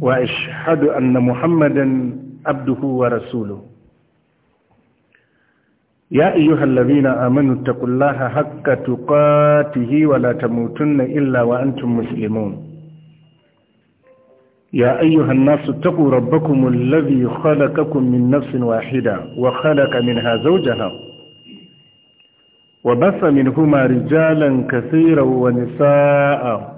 واشهد ان محمدا عبده ورسوله يا ايها الذين امنوا اتقوا الله حق تقاته ولا تموتن الا وانتم مسلمون يا ايها الناس اتقوا ربكم الذي خلقكم من نفس واحده وخلق منها زوجها وبث منهما رجالا كثيرا ونساء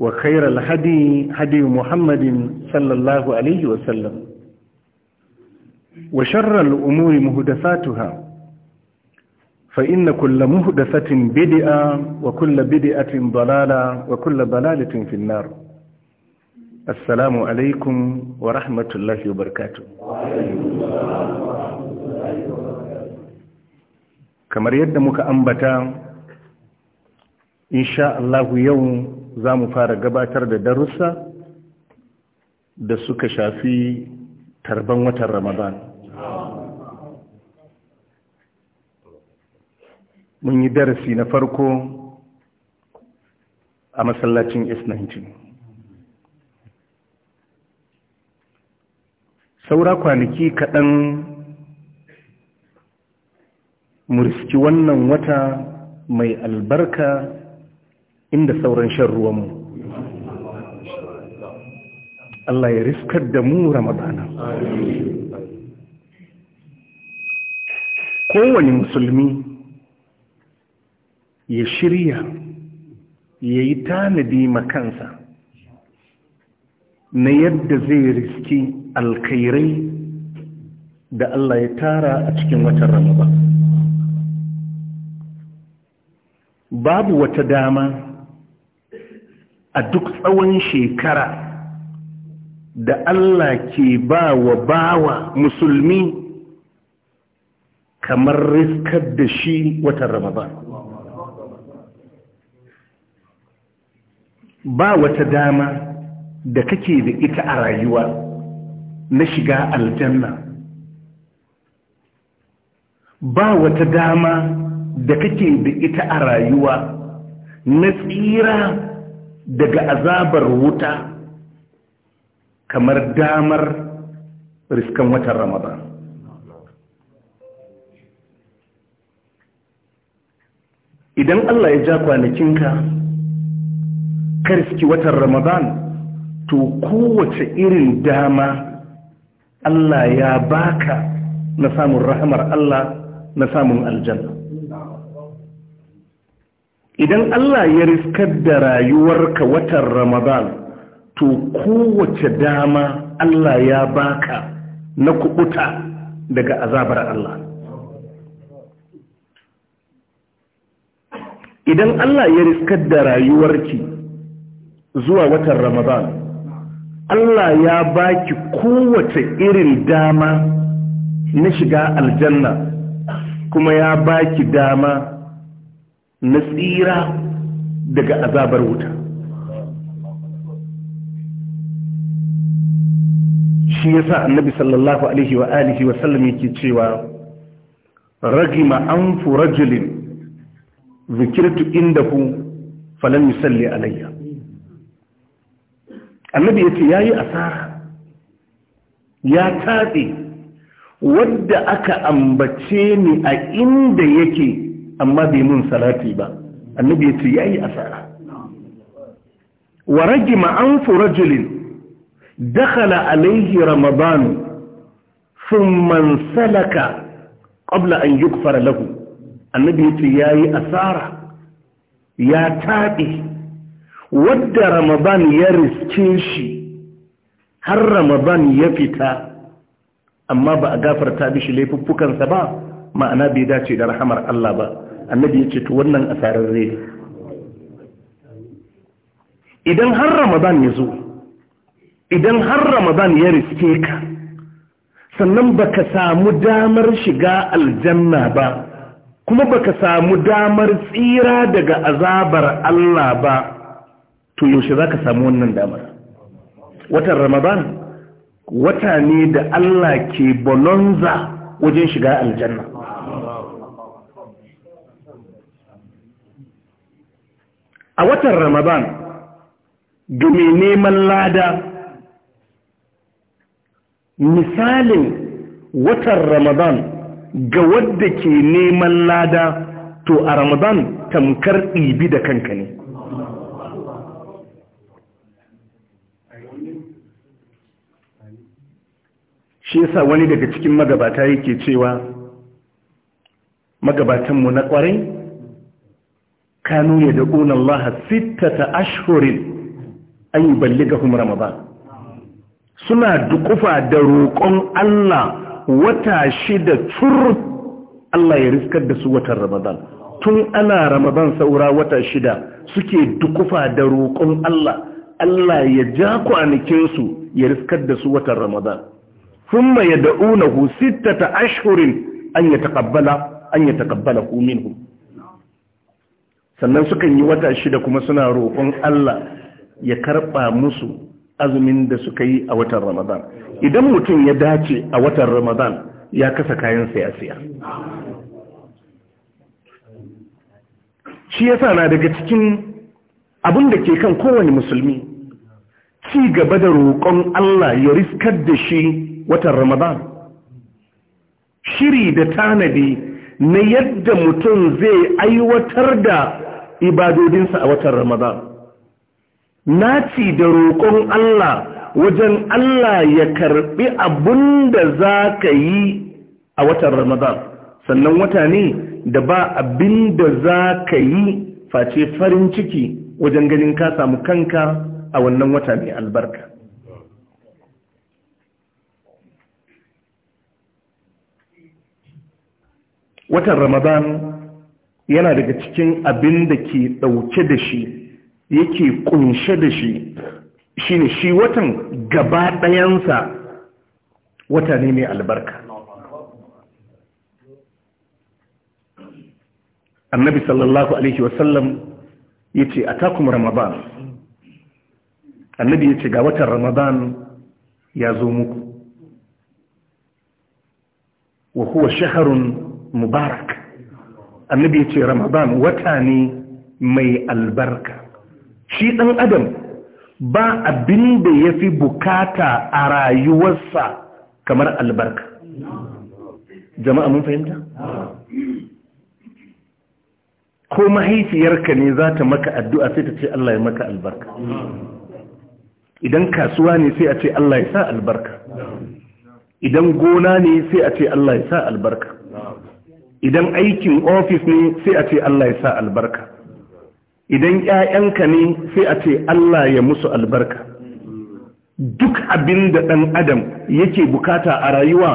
وخير الهدي هدي محمد صلى الله عليه وسلم وشر الأمور مهدفاتها فإن كل مهدفة بدئة وكل بدئة ضلالة وكل ضلالة في النار السلام عليكم ورحمة الله وبركاته kamar yadda muka إن شاء الله يوم za mu fara gabatar da darussa da suka shafi tarban watan ramadan mun yi darasi na farko a masallacin s19 saura kwanaki kaɗan mu muriski wannan wata mai albarka inda sauran shan ruwanmu Allah ya riskar da mu ramadana kowane musulmi ya shirya ya yi tanadi makansa na yadda zai riski alkairai da Allah ya tara a cikin watan ramadan babu wata dama a duk tsawon shekara da Allah ke ba wa bawa musulmi kamar riskar da shi wata Ramadan. Ba wata dama da kake da ita a rayuwa na shiga aljanna. Ba wata dama da kake da ita a rayuwa na tsira daga azabar wuta kamar damar riskan watan ramadan idan Allah ya ja kwanakinka ka riski watan ramadan to kowace irin dama Allah ya baka na samun rahamar Allah na samun aljanna idan Allah ya riskar da rayuwarka watan Ramadan to kowace dama Allah ya baka na kubuta daga azabar Allah idan Allah ya riskar da rayuwarki zuwa watan Ramadan Allah ya baki kowace irin dama na shiga aljanna kuma ya baki dama na tsira daga azabar wuta shi yasa annabi sallallahu alaihi wa alihi wa sallam yake cewa ragima anfu rajulin zikirtu indahu falam yusalli alayya annabi yace yayi asara ya tatse wadda aka ambace ni a inda yake amma bai mun salati ba annabi ya ce asara wa rage an rajulin dakhala alayhi ramadan thumma salaka ƙabla an yukfara lahu annabi ya ce asara ya taɓe wadda ramadan ya riske shi har ramadan ya fita amma ba a gafarta bishi laifuffukansa ba ma'ana bai dace da rahamar Allah ba annabi ya ce to wannan zai ne idan har ramadan ya zo idan har ramadan ya riske ka sannan baka samu damar shiga aljanna ba kuma baka samu damar tsira daga azabar Allah ba to yaushe zaka samu wannan damar watan ramadan wata ne da Allah ke bononza wajen shiga aljanna a watan ramadan ga neman lada misalin watan ramadan ga wadda ke neman lada to a ramadan tamkar ɗibi da kanka ne shi yasa wani daga cikin magabata yake cewa magabatanmu na ƙwarai kanu ya daƙuna Allah sittata ashhurin an yi kuma Ramadan suna dukufa da roƙon Allah wata shida cur Allah ya riskar da su watan Ramadan tun ana Ramadan saura wata shida suke dukufa da roƙon Allah Allah ya ja kwanakinsu ya riskar da su watan Ramadan thumma yad'unahu sittata ashhurin an yataqabbala an yataqabbala minhum sannan sukan yi wata shida kuma suna roƙon Allah ya karɓa musu azumin da suka yi a watan Ramadan idan mutum ya dace a watan Ramadan ya kasa kayan siya-siya. shi yasa na daga cikin abin da ke kan kowane musulmi ci gaba da roƙon Allah ya riskar da shi watan Ramadan shiri da tanadi na yadda mutum zai aiwatar da ibadodinsa a watan ramadan naci da roƙon Allah wajen Allah ya karɓi abin da za ka yi a watan ramadan sannan wata ne da ba abin da za ka yi face farin ciki wajen ganin ka samu kanka a wannan wata mai albarka watan ramadan yana daga cikin abin da ke ɗauke da shi yake ƙunshe da shi shine shi watan gaba ɗayansa wata ne mai albarka annabi sallallahu alaihi wasallam ya ce a takum ramadan annabi ya ce ga watan ramadan ya zo muku wa huwa shaharun mubarak annabi ya ce ramadan wata ne mai albarka shi ɗan adam ba abin da ya fi bukata a rayuwarsa kamar albarka jama'a mun fahimta? ko mahaifiyarka ne za ta maka addu'a sai ta ce Allah ya maka albarka idan kasuwa ne sai a ce Allah ya sa albarka idan gona ne sai a ce Allah ya sa albarka idan aikin ofis ne sai a ce Allah ya sa albarka idan ƴaƴanka ne sai a ce Allah ya musu albarka duk abin da ɗan adam yake bukata a rayuwa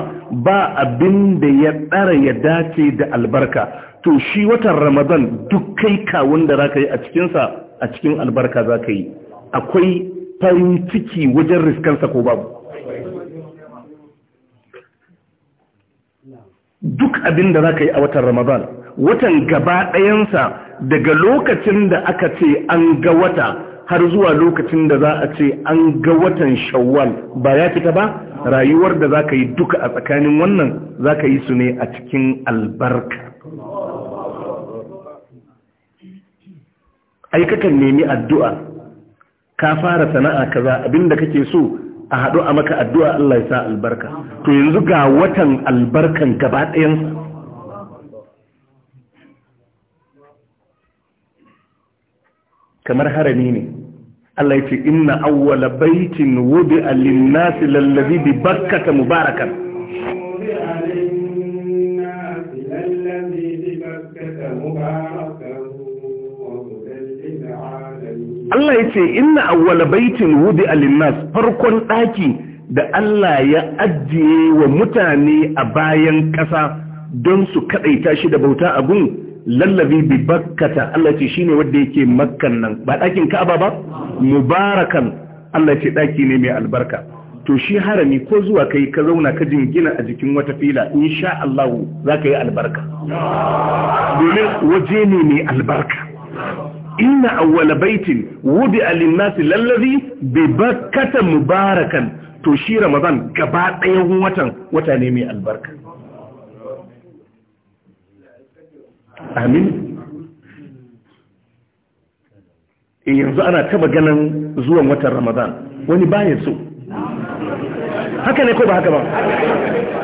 ba abin da ya ɗara ya dace da albarka to shi watan ramadan duk kai kawun da za ka yi a cikinsa a cikin albarka za ka yi akwai farin ciki wajen riskansa ko babu duk abin da za ka yi a watan ramadan watan gaba ɗayansa daga lokacin da aka ce an ga wata har zuwa lokacin da za a ce an ga watan shawwal ba ya fita ba rayuwar da za ka yi duka a tsakanin wannan za ka yi su ne a cikin albarka aikakan nemi addu'a ka fara sana'a kaza abin da kake so a haɗu a maka addu'a Allah ya sa albarka to yanzu ga watan albarkan gaba ɗayansa kamar harami ne Allah ya ce inna awwala baitin wudi'a a nasi lallazi bi bakkata mubarakan Allah ya ce inna awwala baitin wudi alinnas farkon ɗaki da Allah ya ajiye wa mutane a bayan ƙasa don su kaɗaita shi da bauta abun lallabi bi bakkata Allah ce shine wanda yake makkan nan ba ɗakin ka'aba ba mubarakan Allah ce ɗaki ne mai albarka to shi harami ko zuwa kai ka zauna ka jingina a jikin wata fila insha Allah za ka yi albarka domin waje ne mai albarka inna awwala baitin wudi'a lin-nasi lallazi bi bakkata mubarakan to shi ramadan gaba ɗayan watan wata ne mai albarka amin yanzu ana taba ganin zuwan watan ramadan wani baya so haka ne ko ba haka ba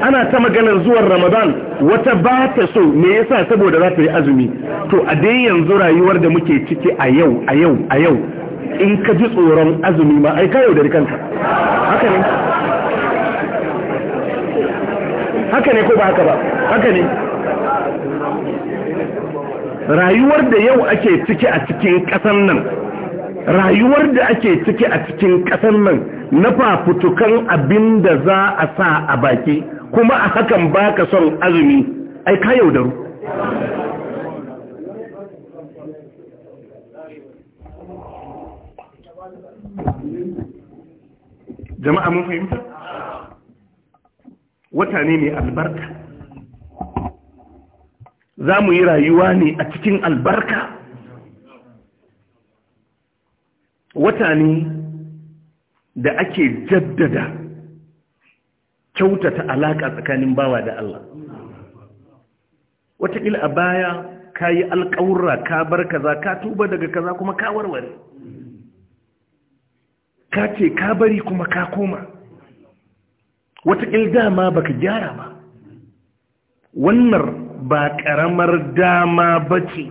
ana ta maganar zuwan ramadan wata ba ta so me yasa saboda za ta yi azumi to a dai yanzu rayuwar da muke ciki a yau a yau a yau in ka ji tsoron azumi ma ai ka yaudari kanka haka ne haka ne ko ba haka ba haka ne rayuwar da yau ake ciki a cikin kasan nan rayuwar da ake ciki a cikin ƙasan nan na fafutukan abin da za a sa a baki kuma a hakan ba ka son azumi ai ka yaudaru jama'a mun fahimta wata ne mai albarka za mu yi rayuwa ne a cikin albarka wata ne da ake jaddada kyautata alaƙa tsakanin bawa da Allah wataƙila a baya ka yi alƙawurra ka bar kaza ka tuba daga kaza kuma ka warware ka ce ka bari kuma ka koma wataƙil dama baka gyara ba wannan ba ƙaramar dama ba ce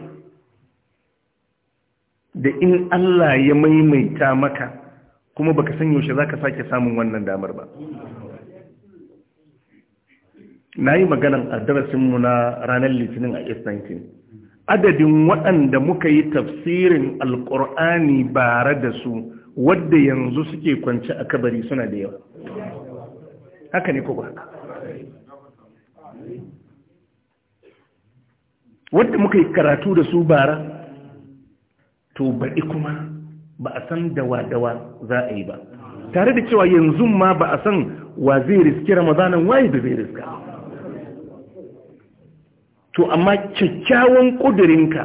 da in Allah ya maimaita maka kuma baka san yaushe za ka sake samun wannan damar ba na yi maganan a darasinmu na ranar litinin a east 19 adadin waɗanda muka yi tafsirin alƙur'ani bare da su wadda yanzu suke kwanci a kabari suna da yawa haka ne kuma haka wadda muka yi karatu da su bara to baɗi kuma ba a san dawa-dawa za a yi ba tare da cewa yanzu ma ba a san wa zai riski waye da zai riska to amma kyakkyawan ƙudurinka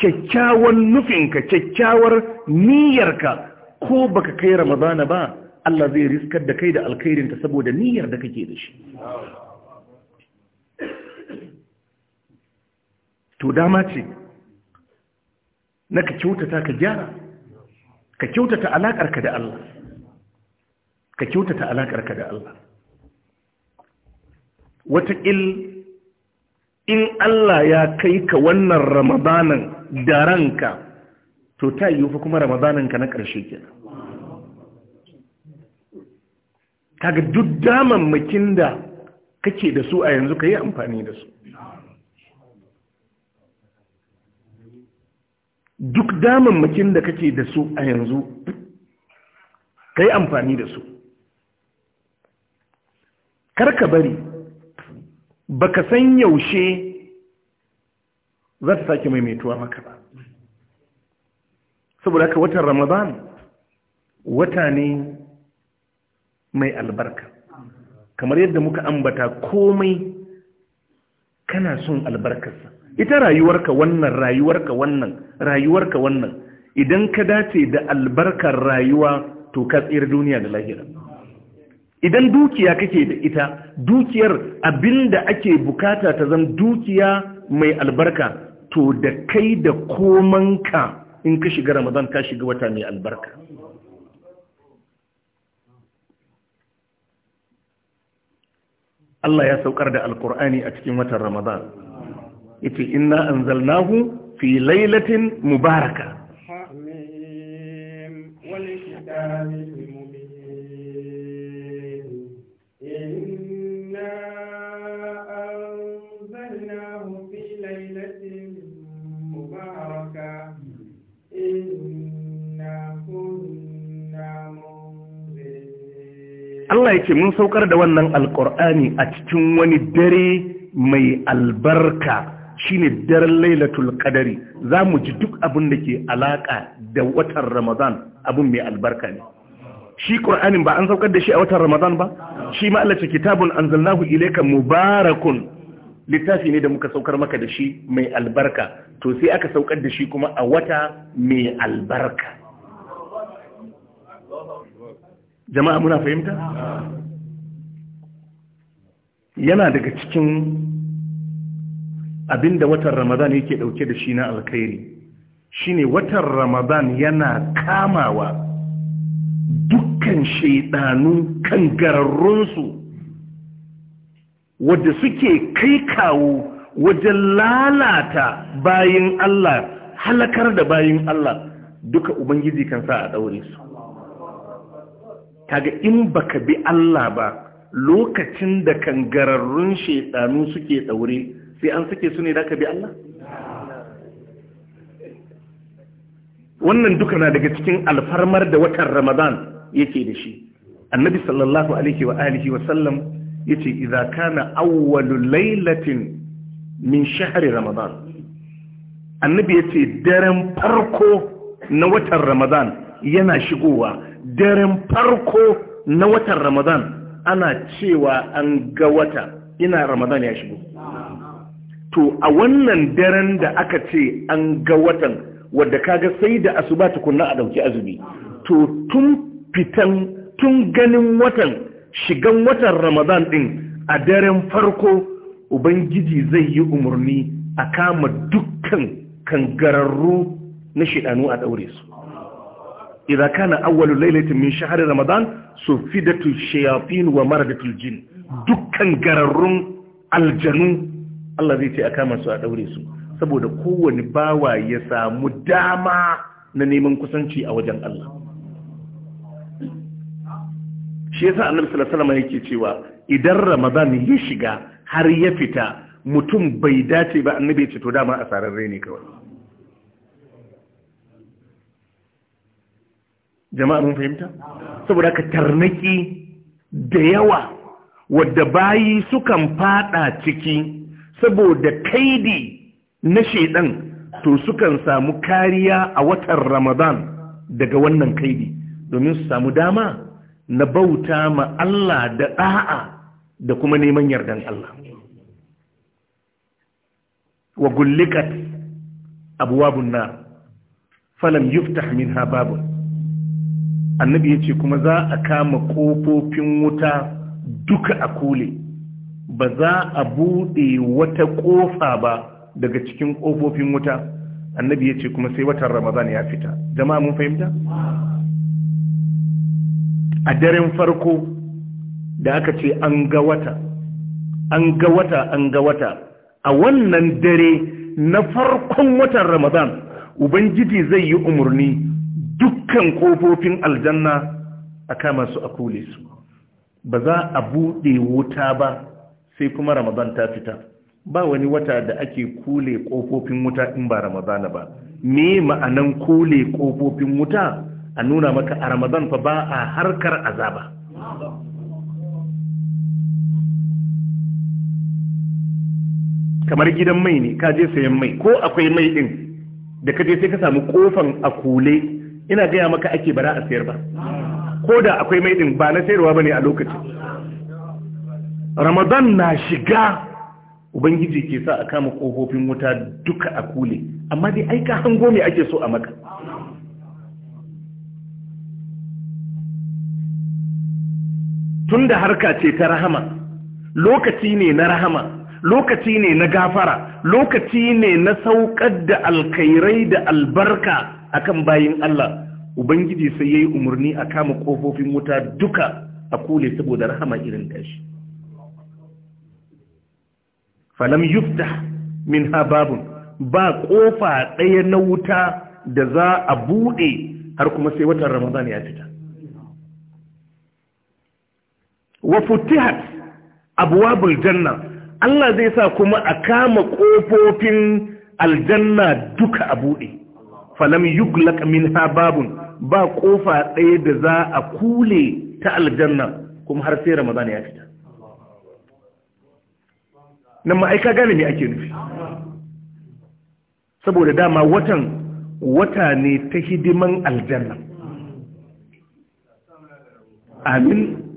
kyakkyawan nufinka kyakkyawar niyyarka ko baka kai ramadana ba Allah zai riskar da kai da alkhairinta saboda niyyar da kake da shi to dama ce na ka kyautata ka gyara ka kyautata alaƙarka da Allah ka kyautata alaƙarka da Allah wataƙil in Allah ya kai ka wannan ramadanan da ranka to ta yi fa kuma ramadanan ka na ƙarshe kenan kaga duk damammakin da kake da su a yanzu ka yi amfani da su duk makin da kake da su a yanzu ka yi amfani da su karka bari baka san yaushe za ta sake maimaituwa maka ba saboda haka watan ramadan wata ne mai albarka kamar yadda muka ambata komai kana son albarkarsa ita rayuwarka wannan rayuwarka wannan rayuwarka wannan idan ka dace da albarkar rayuwa to ka tsira duniya da lahira idan dukiya kake da ita dukiyar abinda ake bukata ta zan dukiya mai albarka to da kai da komanka in ka shiga ramadan ka shiga wata mai albarka Allah ya saukar da alkur'ani a cikin watan ramadan Ita, inna anzalnahu fi lailatin mubaraka Allah ya ce mun saukar da wannan alkur'ani a cikin wani dare mai albarka shine daren lailatul qadari za mu ji duk abin da ke alaƙa da watan ramadan abin mai albarka ne shi ƙur'anin ba an saukar da shi a watan ramadan ba shi ma Allah ce kitabun anzalnahu ilayka mubarakun littafi ne da muka saukar maka da shi mai albarka to sai aka saukar da shi kuma a wata mai albarka jama'a muna fahimta yana daga cikin abinda watan ramadan yake dauke da shi na alkhairi shine watan ramadan yana kamawa dukkan shaidanun su wadda suke kai kawo wajen lalata bayin Allah halakar da bayin Allah duka ubangiji kan sa a daure su kaga in baka bi Allah ba lokacin da kangararrun shaiɗanu suke daure sai an suke su ne da bi Allah wannan duka na daga cikin alfarmar da watan Ramadan yake da shi annabi sallallahu alaihi wa alihi wa sallam yace idza kana awwalu lailatin min shahri Ramadan annabi yace daren farko na watan Ramadan yana shigowa daren farko na watan ramadan ana cewa an ga wata ina ramadan ya shigo to a wannan daren da aka ce an ga watan wadda kaga sai da asuba tukunna a dauki azumi to tun fitan tun ganin watan shigan watan ramadan din a daren farko ubangiji zai yi umarni a kama dukkan kangararru na shidanu a daure su idza kana awwalu laylatin min shahri ramadan sufidatu shayatin wa maradatul jin dukkan gararrun aljanu Allah zai ce a kama su a daure su saboda kowane bawa ya samu dama na neman kusanci a wajen Allah shi yasa annabi sallallahu alaihi yake cewa idan ramadan ya shiga har ya fita mutum bai dace ba annabi ya ce to dama asararre ne kawai jama'a mun fahimta saboda ka tarnaki da yawa wadda bayi sukan fada ciki saboda kaidi na shedan to sukan samu kariya a watan ramadan daga wannan kaidi domin su samu dama na bauta ma Allah da ɗa'a da kuma neman yardan Allah wa gullikat abuwabun nar falam yuftah minha babun annabi ya ce kuma za a kama ƙofofin wuta duka a kule ba za a buɗe wata ƙofa ba daga cikin ƙofofin wuta annabi ya ce kuma sai watan ramadan ya fita jama'a mun fahimta a daren farko da aka ce an ga wata an ga wata an ga wata a wannan dare na farkon watan ramadan ubangiji zai yi umarni dukkan kofofin aljanna a kama su a kule su ba za a buɗe wuta ba sai kuma ramadan ta fita ba wani wata da ake kule kofofin wuta in ba ramadana ba me ma'anan kule kofofin wuta a nuna maka a ramadan fa ba a harkar azaba kamar gidan mai ne ka je sayan mai ko akwai mai ɗin? da ka je sai ka samu kofan a kule ina gaya maka ake bara a sayar ba ko da akwai mai din ba na sayarwa ba ne a lokaci. ramadan na shiga ubangiji ke sa a kama kofofin wuta duka a kule amma dai aika hango me ake so a maka tunda harka ce ta rahama lokaci ne na rahama lokaci ne na gafara lokaci ne na saukar da alkairai da albarka akan bayin Allah ubangiji sai yayi umarni a kama kofofin wuta duka a kule saboda rahama irin tashi falam yuftah min hababun ba kofa ɗaya na wuta da za a buɗe har kuma sai watan ramadan ya fita wa futihat abwabul jannah Allah zai sa kuma a kama ƙofofin aljanna duka a buɗe falam yuglaq minha babun ba ƙofa ɗaya da za a kule ta aljanna kuma har sai ramadan ya fita nan ma'aika gane me ake nufi saboda dama watan wata ne ta hidiman aljanna amin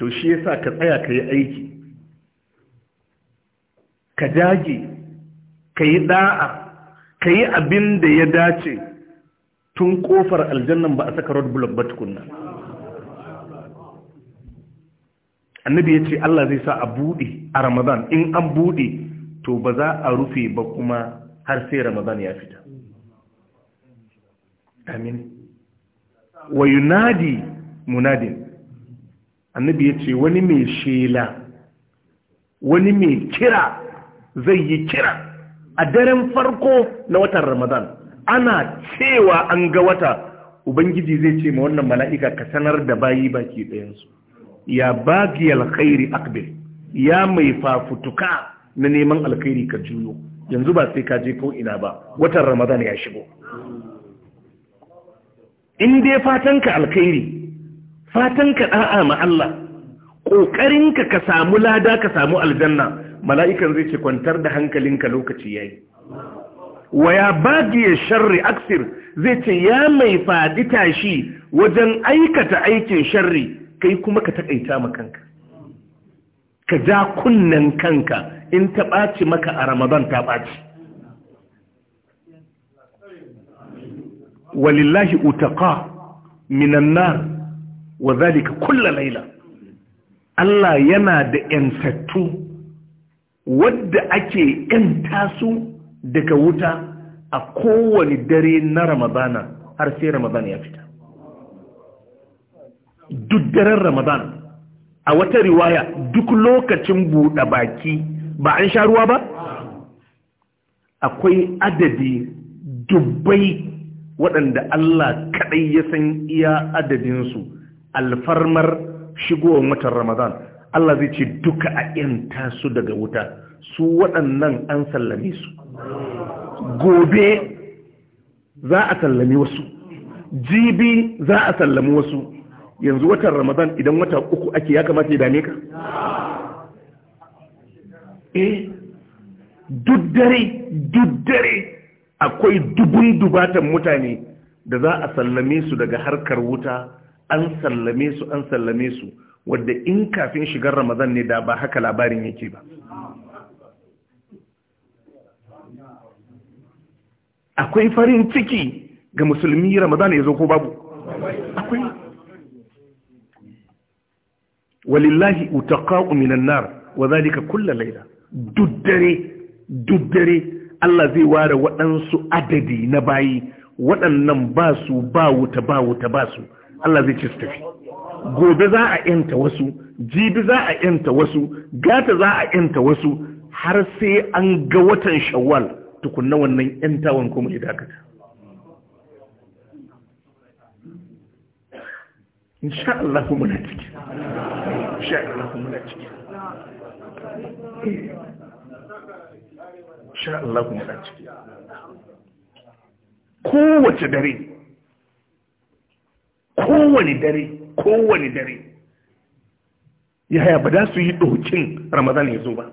to shi yasa ka tsaya ka yi aiki ka dage ka yi da'a ka yi abin da ya dace tun kofar aljannan ba a saka road block ba tukunna annabi ya ce Allah zai sa a buɗe a ramadan in an buɗe to ba za a rufe ba kuma har sai ramadan ya fita amin wa yunadi munadin annabi ya ce wani mai shela wani mai kira zai yi kira a daren farko na watan ramadan ana cewa an ga wata ubangiji zai ce ma wannan mala'ika ka sanar da bayi baki ɗayansu ya bagi alkhairi akbil ya mai fafutuka na neman alkhairi ka juyo yanzu ba sai ka je ko ina ba watan ramadan ya shigo in dai fatanka alkhairi fatan ka da'a ma Allah kokarin ka ka samu lada ka samu aljanna mala'ikan zai ce kwantar da hankalinka lokaci yayi wa ya bagiye sharri aksir zai ce ya mai fadi tashi wajen aikata aikin sharri kai kuma ka taƙaita ma kanka ka ja kunnen kanka in ta ɓaci maka a ramadan ta ɓaci walillahi utaka minan nar wa zalika kulla laila Allah yana da yantattu wadda ake 'yan su daga wuta a kowane dare na ramadana har sai ramadana ya fita duk daren Ramadan, a wata riwaya duk lokacin buɗe baki ba an sha ruwa ba akwai adadi dubbai waɗanda Allah kaɗai ya san iya adadinsu alfarmar shigowar watan ramadan Allah zai ce duka a yanta tasu daga wuta su waɗannan an sallame su gobe za a sallame wasu jibi za a sallame wasu yanzu watan ramadan idan wata uku ake ya kamata ya dame ka E, eh, duddare akwai dubun dubatan mutane da za a sallame su daga harkar wuta an sallame su an sallame su wadda in kafin shigar ramadan ne da ba haka labarin yake ba akwai farin ciki ga musulmi ramadan ya zo ko babu akwai walillahi utaqa'u minan nar wa zalika kullu layla duddare duddare Allah zai ware waɗansu adadi na bayi waɗannan ba su ba wuta ba wuta ba su Allah zai ce su tafi gobe za a yanta wasu jibi za a yanta wasu gata za a yanta wasu har sai an ga watan shawwal tukunna wannan yantawan kuma ya dakata insha Allah muna ciki insha Allah muna ciki insha Allah muna ciki kowace dare kowane dare kowane dare yaya ba za su yi dokin ramadan ya zo ba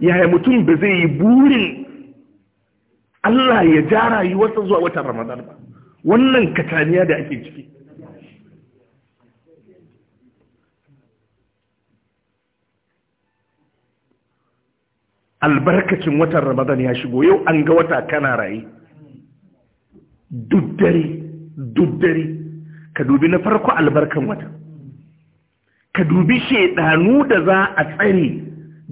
yaya mutum ba zai yi burin Allah ya ja rayuwarsa zuwa watan ramadan ba wannan kataniya da ake ciki albarkacin watan ramadan ya shigo yau an ga wata kana rayu. dare, duddare duddare ka dubi na farko albarkan wata ka dubi shedanu da za a tsare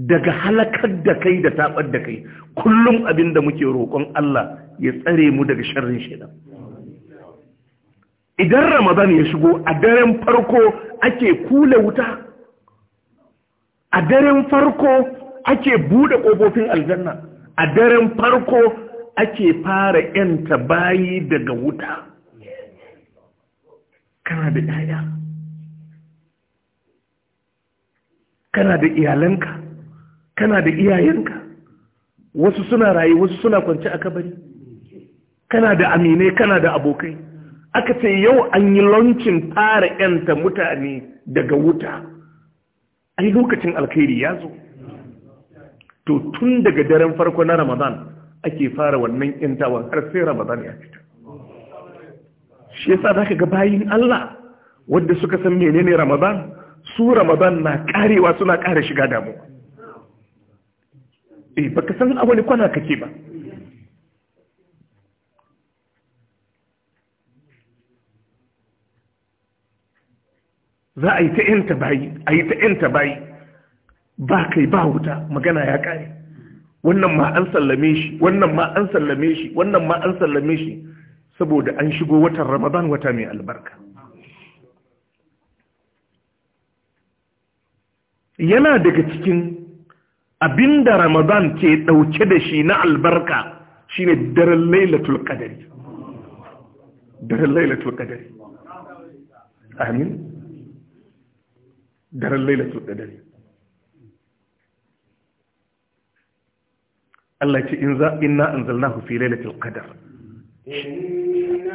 daga halakar da kai da tabar da kai kullum abin da muke roƙon Allah ya tsare mu daga sharrin shedan idan ramadan ya shigo a daren farko ake kula wuta a daren farko ake bude kofofin aljanna a daren farko ake fara yanta bayi daga wuta kana da ɗaya kana da iyalanka kana da iyayenka wasu suna rayu wasu suna kwance a kabari kana da aminai kana da abokai aka ce yau an yi launcin fara yanta mutane daga wuta ai lokacin alkhairi ya zo to tun daga daren farko na ramadan ake fara wannan yantawa har sai ramadan ya fita shi yasa zaka ga bayin Allah wanda suka san menene Ramadan su Ramadan na karewa suna ƙara shiga damuwa eh baka san a wani kwana kake ba za a yi ta yanta bayi a yi ta yanta bayi ba kai ba wuta magana ya kare wannan ma an sallame shi wannan ma an sallame shi wannan ma an sallame shi saboda an shigo watan ramadan wata mai albarka yana daga cikin abinda ramadan ke ɗauke da shi na albarka shine daren lailatul qadari daren lailatul qadari amin daren lailatul qadari Allah ce in za inna anzalnahu fi lailatul qadar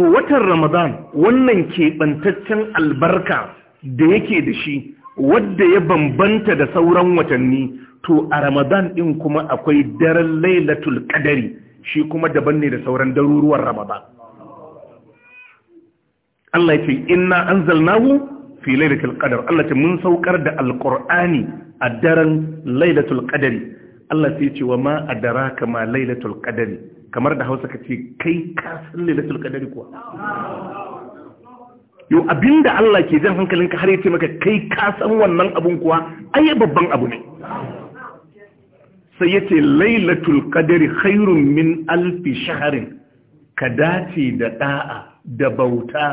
to watan ramadan wannan keɓantaccen albarka da yake da shi wadda ya bambanta da sauran watanni to a ramadan ɗin kuma akwai daren lailatul ƙadari shi kuma daban ne da sauran daruruwan ramadan Allah ce inna anzalnahu fi lailatul qadar Allah ce mun saukar da alqur'ani a daren lailatul ƙadari Allah sai ce wa ma a dara ma lailatul qadari kamar da Hausa ka ce kai kasan lailatul kuwa yo abinda Allah ke jan hankalinka har yace maka kai kasan wannan abun kuwa ai babban abu ne sai yace lailatul ƙadari khairun min alfi shahrin ka dace da da'a da bauta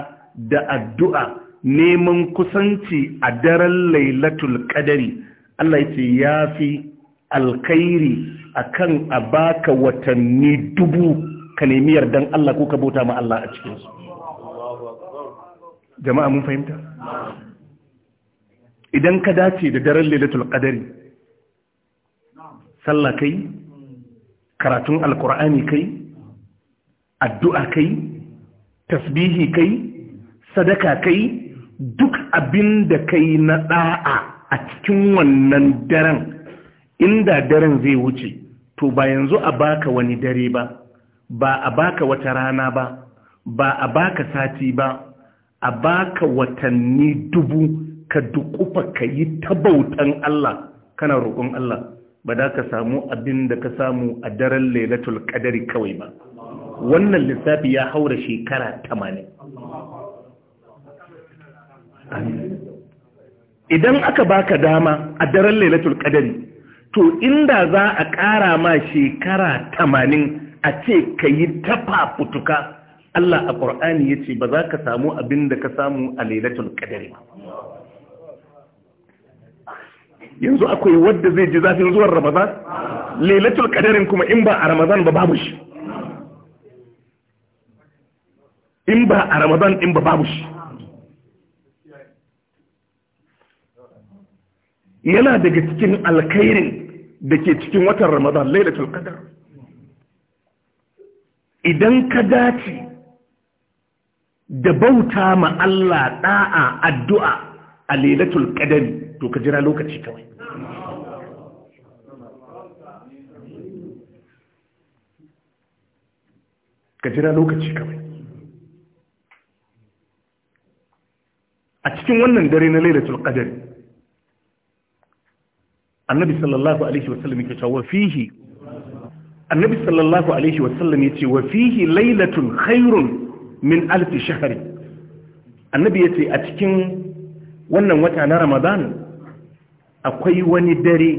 da addu'a neman kusanci a daren lailatul ƙadari Allah yace fi. alkhairi akan a baka watanni dubu ka nemi yardan Allah ko ka bauta ma Allah a cikinsu jama'a mun fahimta idan ka dace da daren lailatul qadari sallah kai karatun alkur'ani kai addu'a kai tasbihi kai sadaka kai duk abin da kai na ɗa'a a cikin wannan daren inda daren zai wuce to ba yanzu a baka wani dare ba ba a baka wata rana ba ba a baka sati ba a baka watanni dubu ka dukufa ka yi tabautan Allah kana roƙon Allah ba da ka samu abin da ka samu a daren lailatul qadari kawai ba wannan lissafi ya haura shekara 80 idan aka baka dama a daren lailatul qadari to inda za a ƙara ma shekara tamanin a ce ka yi tafa fituka Allah a ƙor'ani ya ce ba za ka samu abin da ka samu a lailatul ƙadari yanzu akwai wadda zai ji zafin zuwan ramazan lailatul ƙadarin kuma in ba a ramazan ba babu shi in ba a ramazan in ba babu shi yana daga cikin alkhairin da ke cikin watan ramadan lailatul qadar idan ka dace da bauta ma Allah da'a addu'a a lailatul qadar to ka jira lokaci kawai ka jira lokaci kawai a cikin wannan dare na lailatul qadar annabi sallallahu alaihi wasallam yake cewa fihi annabi sallallahu alaihi wasallam yace wa fihi lailatun khairun min alf shahr annabi yace a cikin wannan wata na ramadan akwai wani dare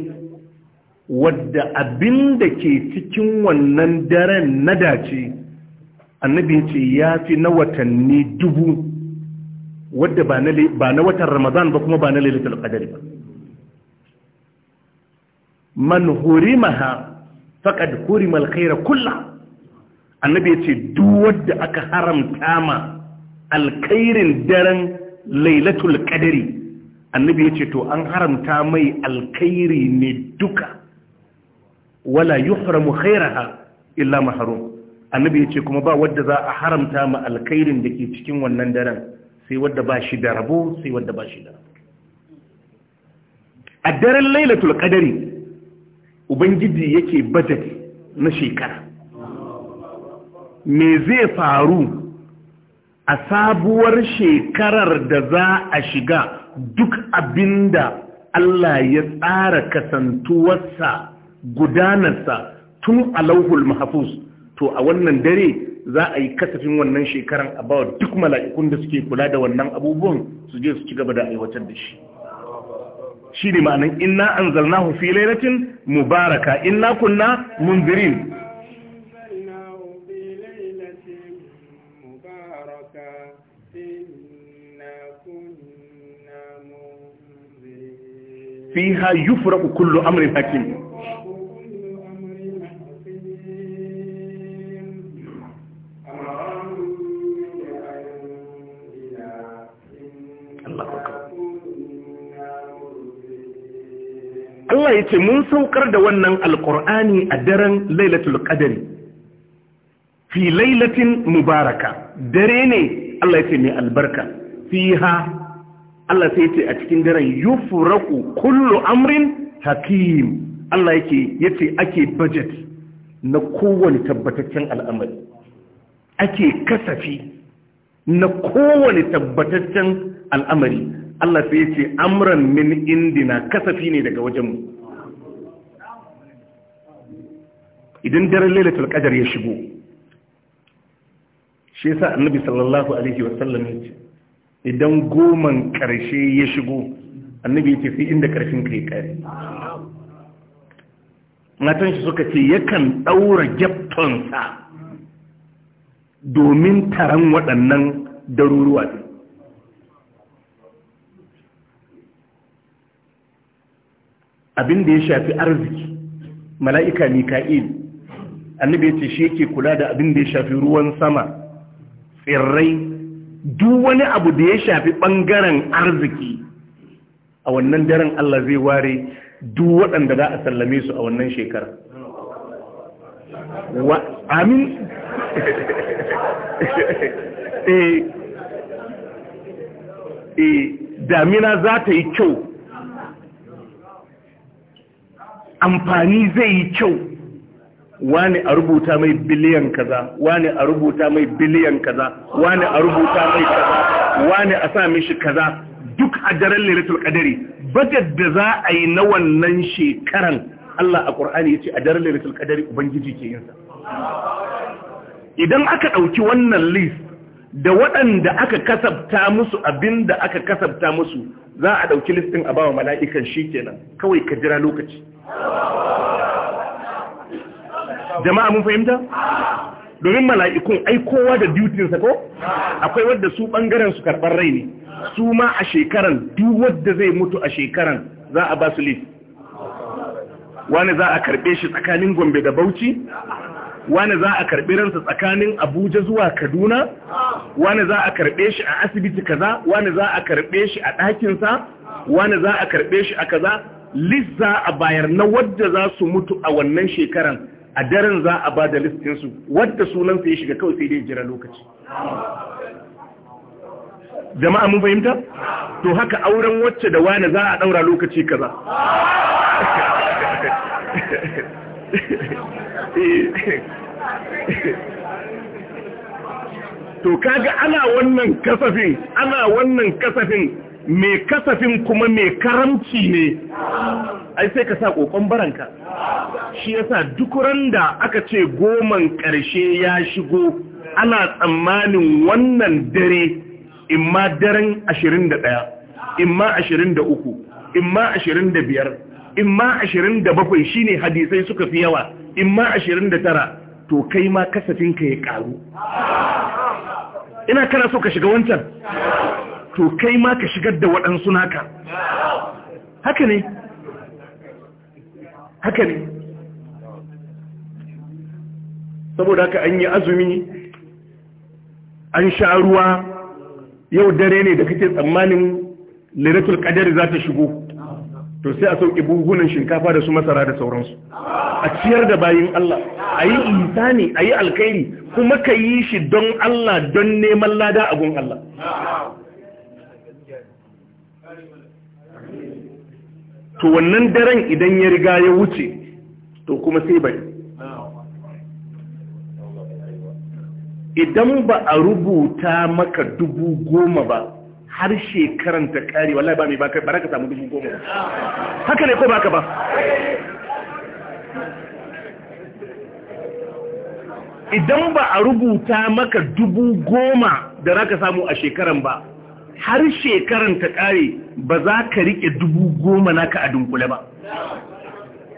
wadda abin da ke cikin wannan daren na dace annabi yace ya fi na watanni dubu wadda ba na watan ramadan ba kuma ba na lailatul qadari ba man hurimaha faqad hurimal khaira kullah annabi yace duk wanda aka haramta ma alkhairin daren lailatul qadri annabi yace to an haramta mai alkhairi ne duka wala yuhramu khairaha illa mahrum annabi yace kuma ba wanda za a haramta ma alkhairin dake cikin wannan daren sai wanda ba shi da rabo sai wanda ba shi da rabo a daren lailatul qadri ubangiji yake budget na shekara me zai faru a sabuwar shekarar da za a shiga duk abinda Allah ya tsara kasantuwarsa gudanarsa tun a lauhul mahafuz to a wannan dare za a yi kasafin wannan shekaran a bawa duk mala'ikun da suke kula da wannan abubuwan su je su ci gaba da aiwatar da shi. shi ne ma'anin inna an zalna fi lailatin mubaraka inna kunna munzirin fiha yufraku kullu amrin hakimi. ya ce mun saukar da wannan alkur'ani a daren lailatul qadari fi lailatin mubaraka dare ne Allah ya ce mai albarka fiha Allah sai ya ce a cikin daren yufraku kullu amrin hakim Allah yake yace ake budget na kowane tabbataccen al'amari ake kasafi na kowane tabbataccen al'amari Allah sai ce amran min indina kasafi ne daga wajenmu idan daren lailatul qadar ya shigo shi yasa annabi sallallahu alaihi wa sallam ya ce idan goman ƙarshe ya shigo annabi ya ce sai inda karfin kai kare matan shi suka ce yakan daura gyaftonsa domin taron waɗannan daruruwa abin da ya shafi arziki mala'ika mika'il annabi ya ce shi yake kula da abin da ya shafi ruwan sama tsirrai duk wani abu da ya shafi ɓangaren arziki a wannan daren Allah zai ware duk waɗanda za a sallame su a wannan shekara wa amin eh eh damina za ta yi kyau amfani zai yi kyau wani a rubuta mai biliyan kaza wani a rubuta mai biliyan kaza wani a rubuta mai kaza wani a sa mishi kaza duk a daren lailatul qadari bajet da za a yi na wannan shekaran Allah a Qur'ani yace a daren lailatul qadari ubangiji ke yin sa idan aka dauki wannan list da waɗanda aka kasabta musu abinda aka kasabta musu za a dauki listin a bawa mala'ikan shikenan kawai ka jira lokaci jama'a mun fahimta domin mala'ikun ai kowa da dutinsa ko akwai wadda su bangaren su karɓar rai ne su ma a shekaran duk wadda zai mutu a shekaran za a ba su list wani za a karɓe shi tsakanin gombe da bauchi wani za a karɓi ransa tsakanin abuja zuwa kaduna wani za a karɓe shi a asibiti kaza wani za a karɓe shi a ɗakinsa wani za a karɓe shi a kaza lissa a bayar na wadda za su mutu a wannan shekaran a daren za a ba da listinsu wadda sunansa ya shiga kawai sai dai jira lokaci jama'a mun fahimta to haka auren wacce da wani za a daura lokaci kaza to kaga ana wannan kasafin ana wannan kasafin mai kasafin kuma mai karamci ne ai sai ka sa kokon baranka shi yasa duk randa aka ce goman ƙarshe ya shigo ana tsammanin wannan dare imma daren 21 imma 23 imma 25 imma 27 shine hadisai suka fi yawa imma 29 to kai ma kasafinka ya ƙaru. ina kana so ka shiga wancan to kai ma ka shigar da waɗansu naka haka ne haka ne saboda haka an yi azumi an sha ruwa yau dare ne da kake tsammanin liratul kadari za ta shigo to sai a sauƙi buhunan shinkafa da su masara da sauransu a ciyar da bayin Allah a yi isani a yi alkairi kuma ka yi shi don Allah don neman lada a gun Allah to wannan daren idan ya riga ya wuce to kuma sai bari idan ba a rubuta maka dubu goma ba har shekaran ta kare wallahi ba mai baka ba ka samu dubu goma haka ne ko baka ba idan ba a rubuta maka dubu goma da za ka samu a shekaran ba har shekaran ta ƙare ba za ka riƙe dubu goma naka a dunkule ba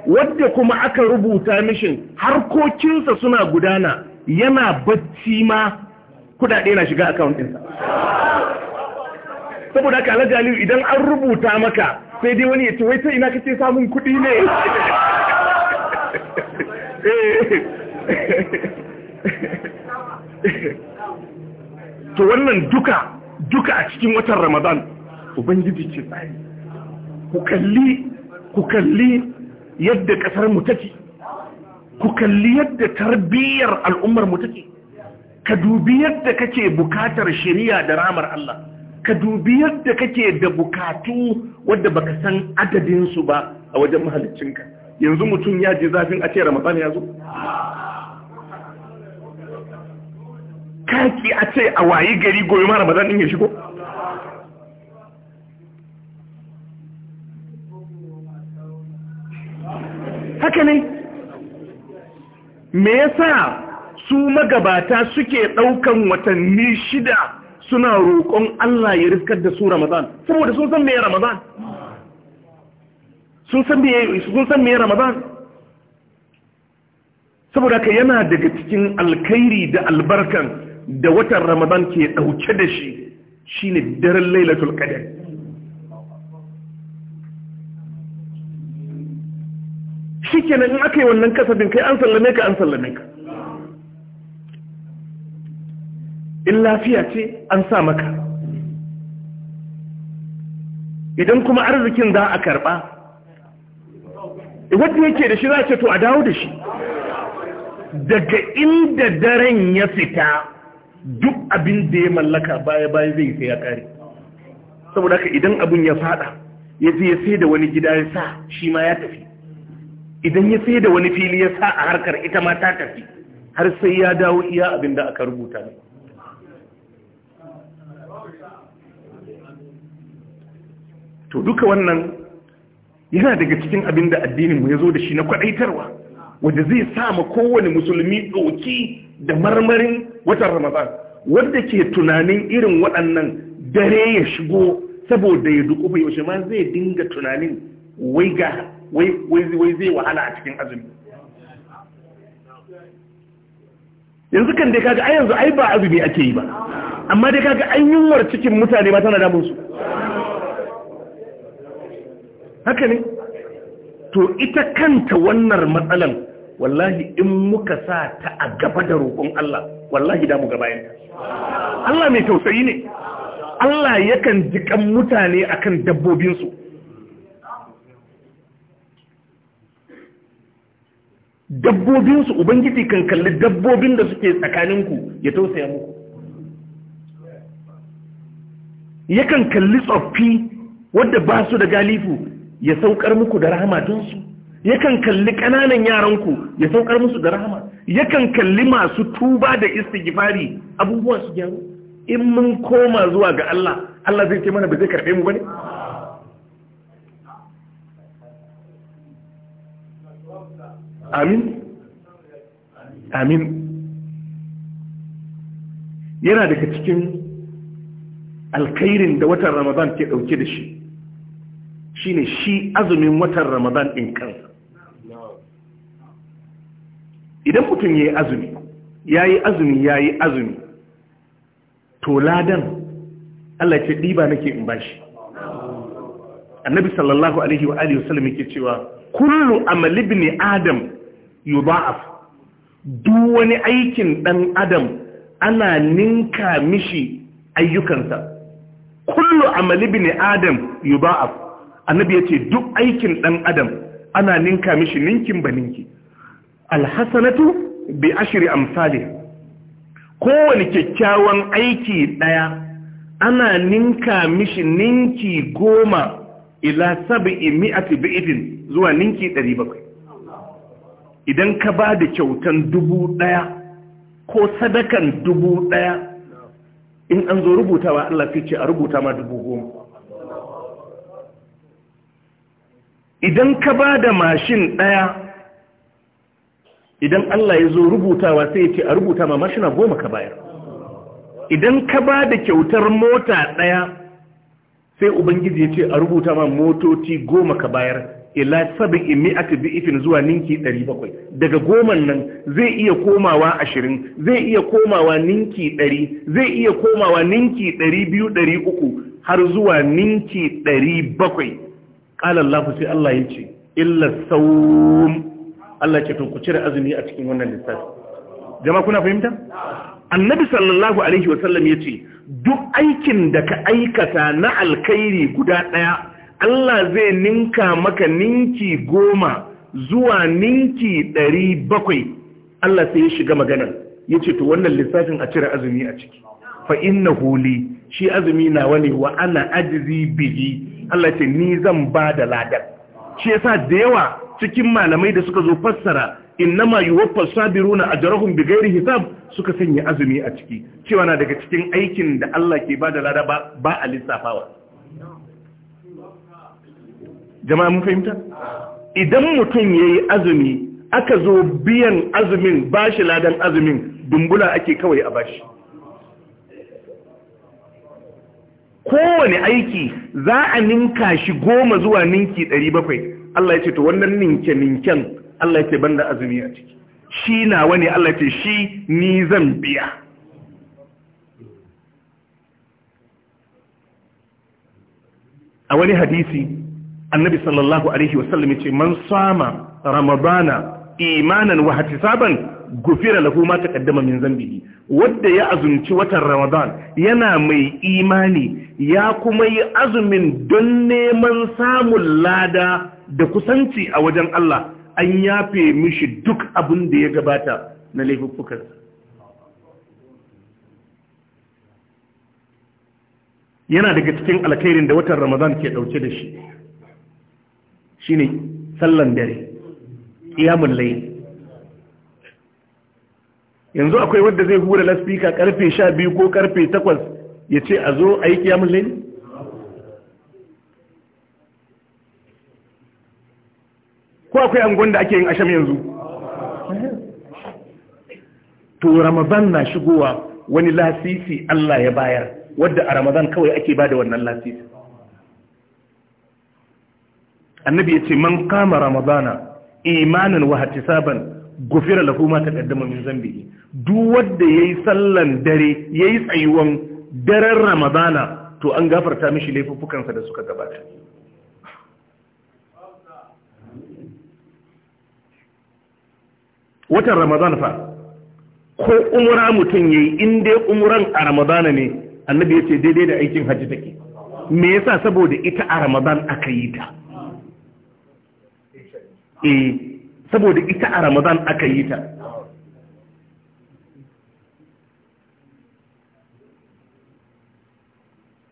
wadda kuma aka rubuta mishin harkokinsa suna gudana yana bacci ma kudade na shiga akawuntinsa saboda ka alhaji idan an rubuta maka sai dai wani ya ce wai sai ina kace samun kuɗi ne eh. to wannan duka duka a cikin watan ramadan ubangiji ce tsari ku kalli ku kalli yadda kasar mu take ku kalli yadda tarbiyyar al'ummar mu take ka dubi yadda kake bukatar shari'a da ramar Allah ka dubi yadda kake da bukatu wadda baka san adadin su ba a wajen mahaliccinka yanzu mutum ya ji zafin a ce ramadan ya zo kaki a ce a wayi gari gobe ma ramadan din ya shigo haka ne me yasa su magabata suke ɗaukan watanni shida suna roƙon Allah ya riskar da su Ramadan saboda sun san me Ramadan sun san me sun san Ramadan saboda ka yana daga cikin alkhairi da albarkan da watan ramadan ke ɗauke da shi shine daren lailatul shi kenan in aka yi wannan kasafin kai an sallame ka an sallame ka in lafiya ce an sa maka idan kuma arzikin za a karɓa, wadda yake da shi za a ce to a dawo da shi daga inda daren ya fita duk abin da ya mallaka baya baya zai sai ya kare saboda haka idan abin ya fada ya je ya sai da wani gida ya sa shi ma ya tafi idan ya sai da wani fili ya sa a harkar ita ma ta tafi har sai ya dawo iya abin da aka rubuta ne to duka wannan yana daga cikin abin da addininmu ya zo da shi na kwadaitarwa wanda zai sa ma kowane musulmi ɗauki da marmarin watan ramadan wanda ke tunanin irin waɗannan dare ya shigo saboda ya duku bai yaushe ma zai dinga tunanin wai zai wahala a cikin azumi yanzu kan dai kaga ai yanzu ai ba azumi ake yi ba amma dai kaga an yunwar cikin mutane ma tana damun su haka ne to ita kanta wannan matsalan wallahi in muka sa ta a gaba da roƙon Allah wallahi da mu ga bayanta Allah mai tausayi ne Allah yakan jikan mutane akan dabbobinsu dabbobinsu ubangiji kan kalli dabbobin da suke tsakaninku ya tausaya muku yakan kalli tsoffi wadda ba su da galifu ya saukar muku da rahama su yakan kalli ƙananan yaranku ya saukar musu da rahama yakan kalli masu tuba da istighfari abubuwa su gyaru in mun koma zuwa ga Allah Allah zai ce mana ba zai karbe mu bane amin amin yana daga cikin alkhairin da watan ramadan ke dauke da shi shine shi azumin watan ramadan din kansa idan mutum ya yi azumi ya yi azumi ya yi azumi to ladan Allah ce ɗiba nake in bashi annabi sallallahu alaihi wa alihi wasallam yake cewa kullu amal ibn adam yudha'af duk wani aikin dan adam ana ninka mishi ayyukansa kullu amal ibn adam yudha'af annabi yace duk aikin dan adam ana ninka mishi ninkin ba ninki alhasanatu bi ashri amsalih kowane kyakkyawan aiki daya ana ninka mishi ninki goma ila sab'i mi'ati bi'idin zuwa ninki 700 idan ka ba da kyautan dubu daya ko sadakan dubu daya in an zo rubutawa Allah sai ce a rubuta ma dubu goma idan ka ba da mashin ɗaya idan Allah ya zo rubutawa sai ya ce a rubuta ma mashina goma ka bayar idan ka ba da kyautar mota ɗaya sai ubangiji ya ce a rubuta ma motoci goma ka bayar ila sabin imi aka bi ifin zuwa ninki 700 daga goman nan zai iya komawa 20 zai iya komawa ninki 100 zai iya komawa ninki 200 300 har zuwa ninki 700 qala Allah sai Allah ya ce illa sawm Allah ke ku cire azumi a cikin wannan lissafi jama'a kuna fahimta annabi sallallahu alaihi wasallam ya ce duk aikin da ka aikata na alkhairi guda ɗaya Allah zai ninka maka ninki goma zuwa ninki ɗari bakwai Allah sai ya shiga maganar ya ce to wannan lissafin a cire azumi a ciki fa inna Holi shi azumi na wani wa ana ajizi bihi Allah ce ni zan ba da ladar shi yasa da yawa cikin malamai da suka zo fassara innama yuwaffa sabiruna ajrahum bighairi hisab suka sanya azumi a ciki cewa na daga cikin aikin da Allah ke bada lada ba ba a lissafawa jama'a mun fahimta idan mutum yayi azumi aka zo biyan azumin bashi ladan azumin dumbula ake kawai a bashi kowane aiki za a ninka shi goma zuwa ninki ɗari Allah ya ce to wannan ninke ninken Allah ya ce banda azumi a ciki shi nawa ne Allah ya ce shi ni zan biya a wani hadisi annabi sallallahu alaihi wasallam ya ce man sama ramadana imanan wa hatisaban gufira lahu ma taqaddama min zambihi wanda ya azumci watan ramadan yana mai imani ya kuma yi azumin don neman samun lada da kusanci a wajen Allah an yafe mishi duk abin da ya gabata na laifuffukansa yana daga cikin alkhairin da watan ramadan ke dauke da shi shine sallan dare qiyamul layl yanzu akwai wanda zai hura laspika karfe biyu ko karfe 8 yace a zo ayi qiyamul layl ko akwai angon da ake yin asham yanzu to ramadan na shigowa wani lasisi Allah ya bayar wadda a ramadan kawai ake bada wannan lasisi annabi ya ce man kama ramadana imanin wa hatisaban gufira lahu ma taqaddama min zambihi duk wanda yayi sallan dare yayi tsayuwan daren ramadana to an gafarta mishi laifuffukansa da suka gabata watan ramadan fa ko umra mutum yayi in dai umran a Ramadana ne annabi ya ce daidai da aikin hajji take me yasa saboda ita a ramadan aka yi ta eh saboda ita a ramadan aka yi ta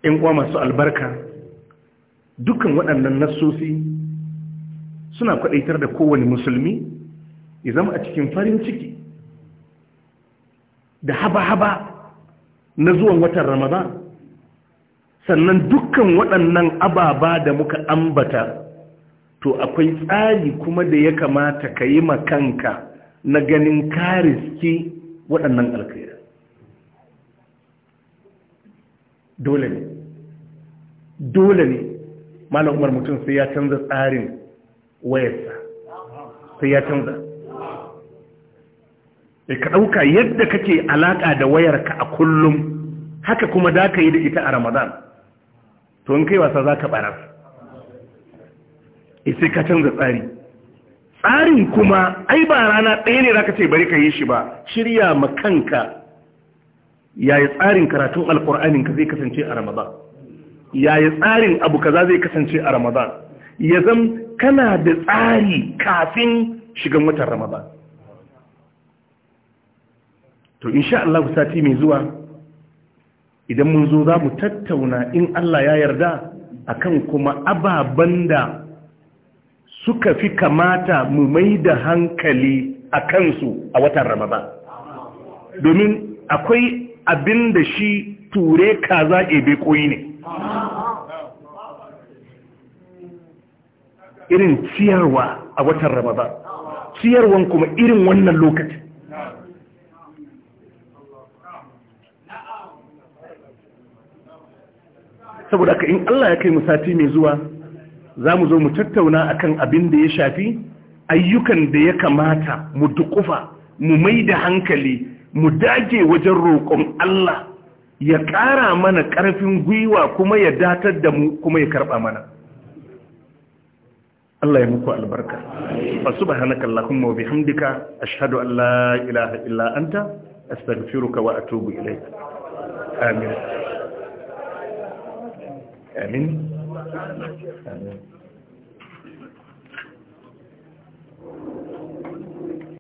in kuwa masu albarka dukkan waɗannan nassosi suna kwaɗaitar da kowane musulmi ya zama a cikin farin ciki da haba-haba na zuwan watan ramadan sannan dukkan waɗannan ababa da muka ambata to akwai tsari kuma da ya kamata ka yi makanka na ganin kariski waɗannan alkaira dole ne dole ne malam mutum sai ya canza tsarin wayarsa sai ya canza Eh, ka ɗauka yadda kake alaƙa da wayarka a kullum haka kuma za ka yi da ita a ramadan to in kai wasa za ka E sai ka canza tsari tsarin kuma ai ba rana ɗaya ne za ka ce bari ka yi shi ba shirya ma kanka yayi tsarin karatun alƙur'anin ka zai kasance a ramadan yayi tsarin abu kaza zai kasance a ramadan ya zan kana da tsari kafin shigan watan ramadan to insha Allah sati mai zuwa idan mun zo za mu tattauna in Allah ya yarda akan kuma ababen da suka fi kamata mu mai da hankali a kansu a watan Ramadan domin akwai abin da shi ture kaza ebe koyi ne irin ciyarwa a watan Ramadan ciyarwan kuma irin wannan lokacin saboda haka in Allah ya kai mu sati mai zuwa za mu zo mu tattauna akan abin da ya shafi ayyukan da ya kamata mu dukufa mu mai da hankali mu dage wajen roƙon Allah ya ƙara mana ƙarfin gwiwa kuma ya datar da mu kuma ya karɓa mana Allah ya muku albarka fa subhanaka allahumma wa bihamdika ashhadu an la ilaha illa anta astaghfiruka wa atubu ilayk amin آمين آمين